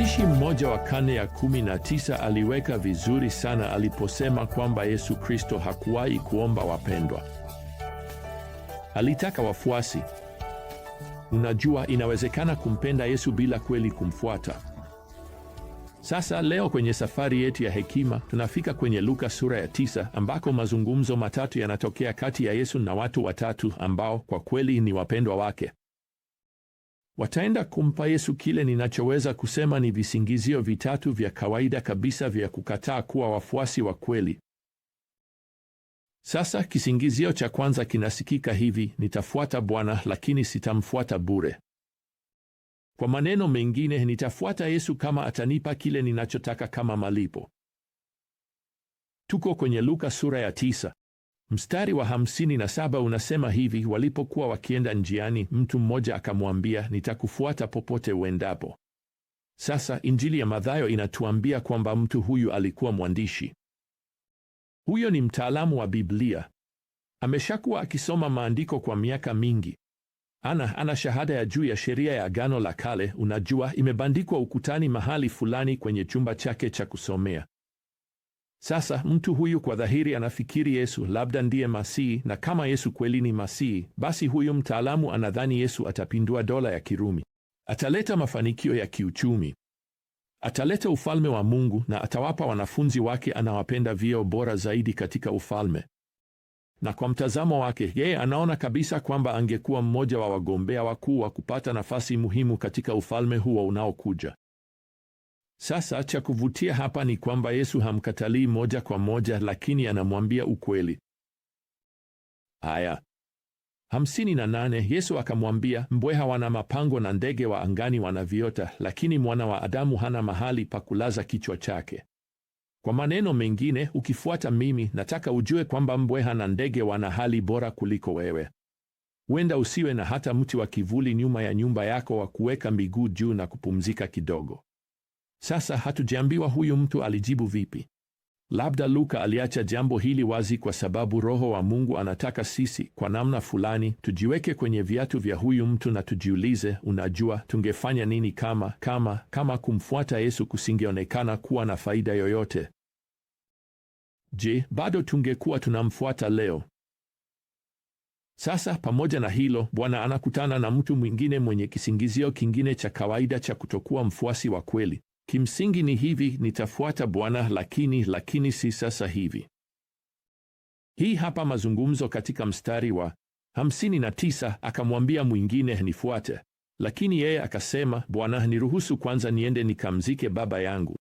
Mwandishi mmoja wa karne ya 19 aliweka vizuri sana aliposema kwamba Yesu Kristo hakuwahi kuomba wapendwa. Alitaka wafuasi. Unajua, inawezekana kumpenda Yesu bila kweli kumfuata. Sasa leo kwenye safari yetu ya hekima tunafika kwenye Luka sura ya tisa ambako mazungumzo matatu yanatokea kati ya Yesu na watu watatu ambao kwa kweli ni wapendwa wake wataenda kumpa Yesu kile ninachoweza kusema ni visingizio vitatu vya kawaida kabisa vya kukataa kuwa wafuasi wa kweli. Sasa kisingizio cha kwanza kinasikika hivi: nitafuata Bwana lakini sitamfuata bure. Kwa maneno mengine, nitafuata Yesu kama atanipa kile ninachotaka kama malipo. Tuko kwenye Luka sura ya tisa. Mstari wa hamsini na saba unasema hivi: walipokuwa wakienda njiani, mtu mmoja akamwambia, nitakufuata popote uendapo. Sasa Injili ya Mathayo inatuambia kwamba mtu huyu alikuwa mwandishi. Huyo ni mtaalamu wa Biblia, ameshakuwa akisoma maandiko kwa miaka mingi. Ana ana shahada ya juu ya sheria ya Agano la Kale. Unajua, imebandikwa ukutani mahali fulani kwenye chumba chake cha kusomea. Sasa mtu huyu kwa dhahiri anafikiri Yesu labda ndiye Masihi, na kama Yesu kweli ni Masihi, basi huyu mtaalamu anadhani Yesu atapindua dola ya Kirumi, ataleta mafanikio ya kiuchumi, ataleta ufalme wa Mungu na atawapa wanafunzi wake anawapenda vyeo bora zaidi katika ufalme. Na kwa mtazamo wake yeye anaona kabisa kwamba angekuwa mmoja wa wagombea wakuu wa kupata nafasi muhimu katika ufalme huo unaokuja. Sasa cha kuvutia hapa ni kwamba Yesu hamkatalii moja kwa moja, lakini anamwambia ukweli. Aya hamsini na nane. Yesu akamwambia, mbweha wana mapango na ndege wa angani wana viota, lakini mwana wa Adamu hana mahali pa kulaza kichwa chake. Kwa maneno mengine, ukifuata mimi, nataka ujue kwamba mbweha na ndege wana hali bora kuliko wewe. Huenda usiwe na hata mti wa kivuli nyuma ya nyumba yako wa kuweka miguu juu na kupumzika kidogo. Sasa hatujaambiwa huyu mtu alijibu vipi. Labda Luka aliacha jambo hili wazi kwa sababu Roho wa Mungu anataka sisi kwa namna fulani tujiweke kwenye viatu vya huyu mtu na tujiulize, unajua, tungefanya nini kama kama kama kumfuata Yesu kusingeonekana kuwa na faida yoyote? Je, bado tungekuwa tunamfuata leo? Sasa pamoja na hilo, Bwana anakutana na mtu mwingine mwenye kisingizio kingine cha kawaida cha kutokuwa mfuasi wa kweli. Kimsingi ni hivi, nitafuata Bwana lakini lakini si sasa hivi. Hii hapa mazungumzo katika mstari wa 59, akamwambia mwingine nifuate, lakini yeye akasema, Bwana, niruhusu kwanza niende nikamzike baba yangu.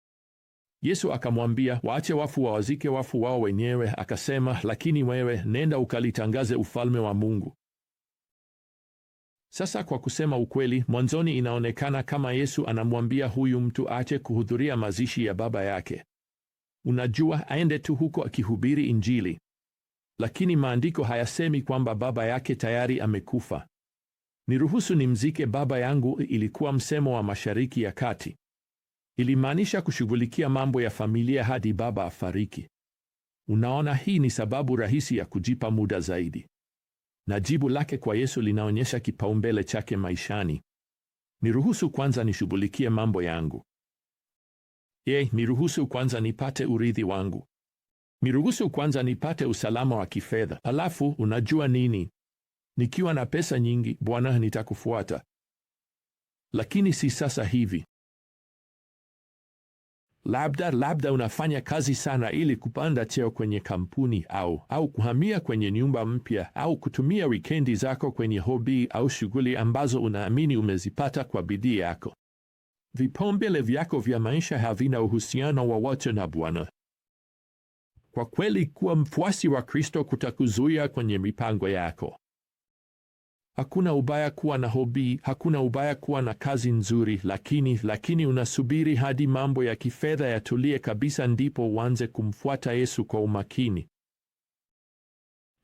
Yesu akamwambia, waache wafu wawazike wafu wao wenyewe. Akasema, lakini wewe nenda ukalitangaze ufalme wa Mungu. Sasa kwa kusema ukweli, mwanzoni inaonekana kama Yesu anamwambia huyu mtu aache kuhudhuria mazishi ya baba yake. Unajua, aende tu huko akihubiri Injili. Lakini maandiko hayasemi kwamba baba yake tayari amekufa. Niruhusu nimzike baba yangu ilikuwa msemo wa Mashariki ya Kati. Ilimaanisha kushughulikia mambo ya familia hadi baba afariki. Unaona, hii ni sababu rahisi ya kujipa muda zaidi na jibu lake kwa Yesu linaonyesha kipaumbele chake maishani. Niruhusu kwanza nishughulikie mambo yangu. Ye, niruhusu kwanza nipate urithi wangu. Niruhusu kwanza nipate usalama wa kifedha. Halafu unajua nini? Nikiwa na pesa nyingi, Bwana, nitakufuata. Lakini si sasa hivi labda labda unafanya kazi sana ili kupanda cheo kwenye kampuni au au kuhamia kwenye nyumba mpya au kutumia wikendi zako kwenye hobi au shughuli ambazo unaamini umezipata kwa bidii yako. Vipaumbele vyako vya maisha havina uhusiano wowote na Bwana. Kwa kweli, kuwa mfuasi wa Kristo kutakuzuia kwenye mipango yako. Hakuna ubaya kuwa na hobi, hakuna ubaya kuwa na kazi nzuri, lakini lakini unasubiri hadi mambo ya kifedha yatulie kabisa ndipo uanze kumfuata Yesu kwa umakini.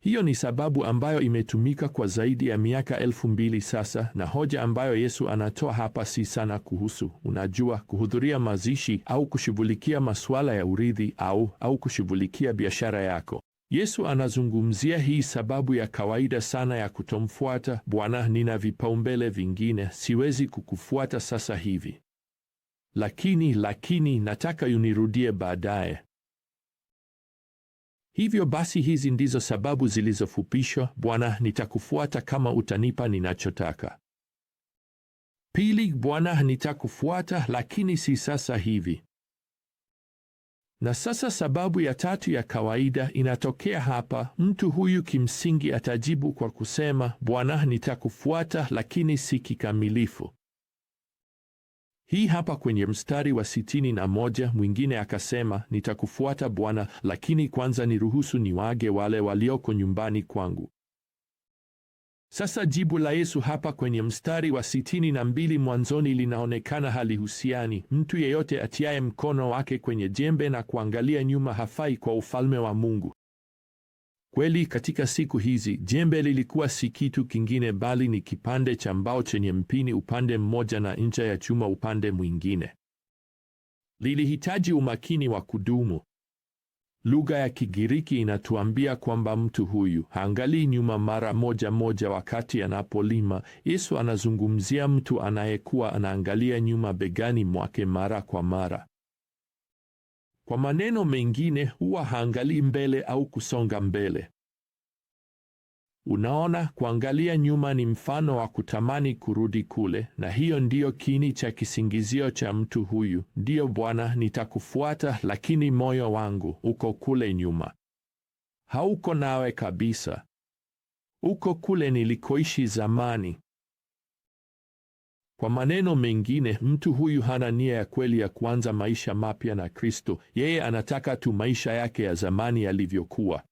Hiyo ni sababu ambayo imetumika kwa zaidi ya miaka elfu mbili sasa, na hoja ambayo Yesu anatoa hapa si sana kuhusu, unajua, kuhudhuria mazishi au kushughulikia masuala ya urithi au au kushughulikia biashara yako. Yesu anazungumzia hii sababu ya kawaida sana ya kutomfuata: Bwana, nina vipaumbele vingine, siwezi kukufuata sasa hivi, lakini lakini nataka unirudie baadaye. Hivyo basi, hizi ndizo sababu zilizofupishwa: Bwana, nitakufuata kama utanipa ninachotaka. Pili, Bwana, nitakufuata lakini si sasa hivi. Na sasa sababu ya tatu ya kawaida inatokea hapa. Mtu huyu kimsingi atajibu kwa kusema, Bwana, nitakufuata lakini si kikamilifu. Hii hapa kwenye mstari wa sitini na moja. Mwingine akasema, nitakufuata Bwana, lakini kwanza niruhusu wage wale walioko nyumbani kwangu. Sasa jibu la Yesu hapa kwenye mstari wa sitini na mbili mwanzoni linaonekana halihusiani. Mtu yeyote atiaye mkono wake kwenye jembe na kuangalia nyuma hafai kwa ufalme wa Mungu. Kweli, katika siku hizi jembe lilikuwa si kitu kingine bali ni kipande cha mbao chenye mpini upande mmoja na ncha ya chuma upande mwingine. Lilihitaji umakini wa kudumu. Lugha ya Kigiriki inatuambia kwamba mtu huyu haangalii nyuma mara moja moja wakati anapolima. Yesu anazungumzia mtu anayekuwa anaangalia nyuma begani mwake mara kwa mara. Kwa maneno mengine, huwa haangalii mbele au kusonga mbele. Unaona, kuangalia nyuma ni mfano wa kutamani kurudi kule, na hiyo ndiyo kini cha kisingizio cha mtu huyu. Ndiyo Bwana, nitakufuata, lakini moyo wangu uko kule nyuma, hauko nawe kabisa, uko kule nilikoishi zamani. Kwa maneno mengine, mtu huyu hana nia ya kweli ya kuanza maisha mapya na Kristo. Yeye anataka tu maisha yake ya zamani yalivyokuwa.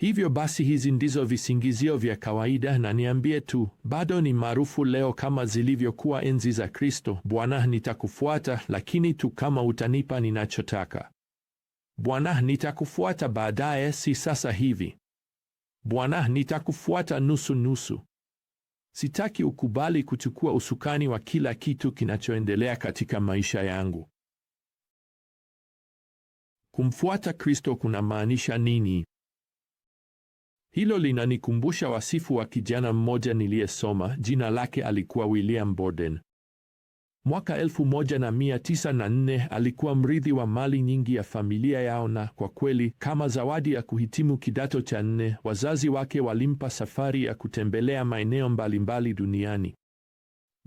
Hivyo basi hizi ndizo visingizio vya kawaida, na niambie tu, bado ni maarufu leo kama zilivyokuwa enzi za Kristo: Bwana, nitakufuata lakini tu kama utanipa ninachotaka; Bwana, nitakufuata baadaye, si sasa hivi; Bwana, nitakufuata nusu nusu. Sitaki ukubali kuchukua usukani wa kila kitu kinachoendelea katika maisha yangu. Kumfuata Kristo kunamaanisha nini? Hilo linanikumbusha wasifu wa kijana mmoja niliyesoma, jina lake alikuwa William Borden. Mwaka 1904 alikuwa mrithi wa mali nyingi ya familia yao, na kwa kweli, kama zawadi ya kuhitimu kidato cha nne, wazazi wake walimpa safari ya kutembelea maeneo mbalimbali duniani.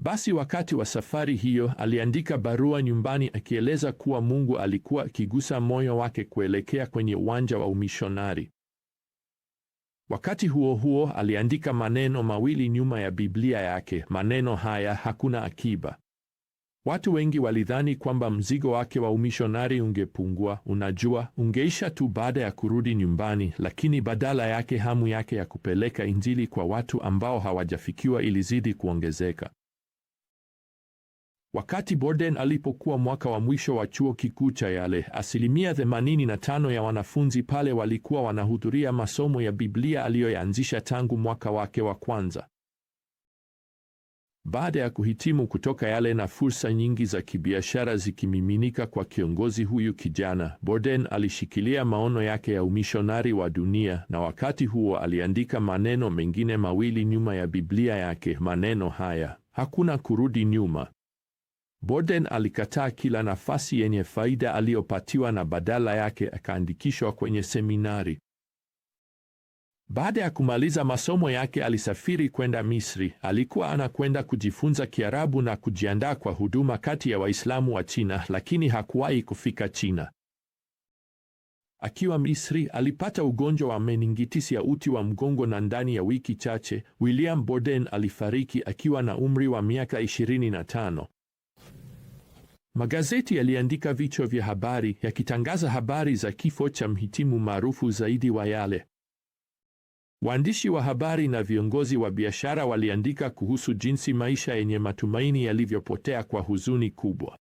Basi wakati wa safari hiyo aliandika barua nyumbani akieleza kuwa Mungu alikuwa akigusa moyo wake kuelekea kwenye uwanja wa umishonari. Wakati huo huo, aliandika maneno mawili nyuma ya Biblia yake. Maneno haya hakuna akiba. Watu wengi walidhani kwamba mzigo wake wa umishonari ungepungua, unajua, ungeisha tu baada ya kurudi nyumbani, lakini badala yake hamu yake ya kupeleka Injili kwa watu ambao hawajafikiwa ilizidi kuongezeka. Wakati Borden alipokuwa mwaka wa mwisho wa chuo kikuu cha Yale, asilimia 85 ya wanafunzi pale walikuwa wanahudhuria masomo ya Biblia aliyoyaanzisha tangu mwaka wake wa kwanza. Baada ya kuhitimu kutoka Yale na fursa nyingi za kibiashara zikimiminika kwa kiongozi huyu kijana, Borden alishikilia maono yake ya umishonari wa dunia, na wakati huo aliandika maneno mengine mawili nyuma ya Biblia yake. Maneno haya, hakuna kurudi nyuma. Borden alikataa kila nafasi yenye faida aliyopatiwa na badala yake akaandikishwa kwenye seminari. Baada ya kumaliza masomo yake alisafiri kwenda Misri. Alikuwa anakwenda kujifunza Kiarabu na kujiandaa kwa huduma kati ya Waislamu wa China, lakini hakuwahi kufika China. Akiwa Misri alipata ugonjwa wa meningitis ya uti wa mgongo na ndani ya wiki chache William Borden alifariki akiwa na umri wa miaka 25. Magazeti yaliandika vichwa vya habari yakitangaza habari za kifo cha mhitimu maarufu zaidi wa Yale. Waandishi wa habari na viongozi wa biashara waliandika kuhusu jinsi maisha yenye matumaini yalivyopotea kwa huzuni kubwa.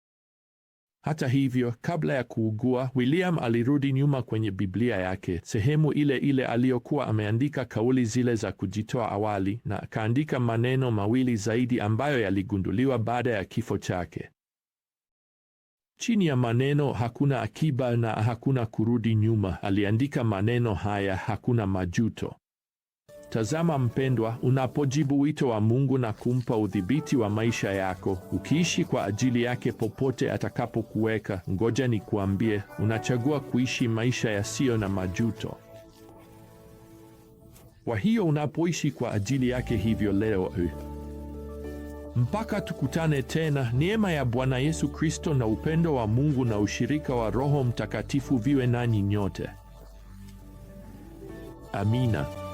Hata hivyo, kabla ya kuugua, William alirudi nyuma kwenye Biblia yake, sehemu ile ile aliyokuwa ameandika kauli zile za kujitoa awali, na akaandika maneno mawili zaidi ambayo yaligunduliwa baada ya kifo chake. Chini ya maneno hakuna akiba na hakuna kurudi nyuma, aliandika maneno haya, hakuna majuto. Tazama mpendwa, unapojibu wito wa Mungu na kumpa udhibiti wa maisha yako, ukiishi kwa ajili yake popote atakapokuweka, ngoja nikuambie, unachagua kuishi maisha yasiyo na majuto. Kwa hiyo unapoishi kwa ajili yake hivyo leo eh, mpaka tukutane tena, neema ya Bwana Yesu Kristo na upendo wa Mungu na ushirika wa Roho Mtakatifu viwe nanyi nyote. Amina.